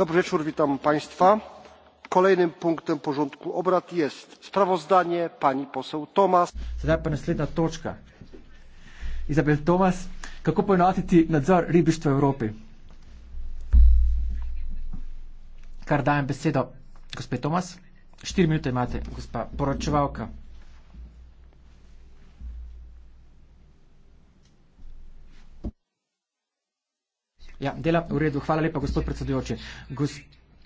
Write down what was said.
dobry wieczór witam państwa. kolejnym punktem porządku obrad jest sprawozdanie pani poseł thomas. izabel thomas kako poenotiti nadzor ribištva v evropi kar dajem besedo gospe thomas štiri minute imate gospa poročevalka Ja, dela v redu. Hvala lepa, gospod predsedujoči. Gos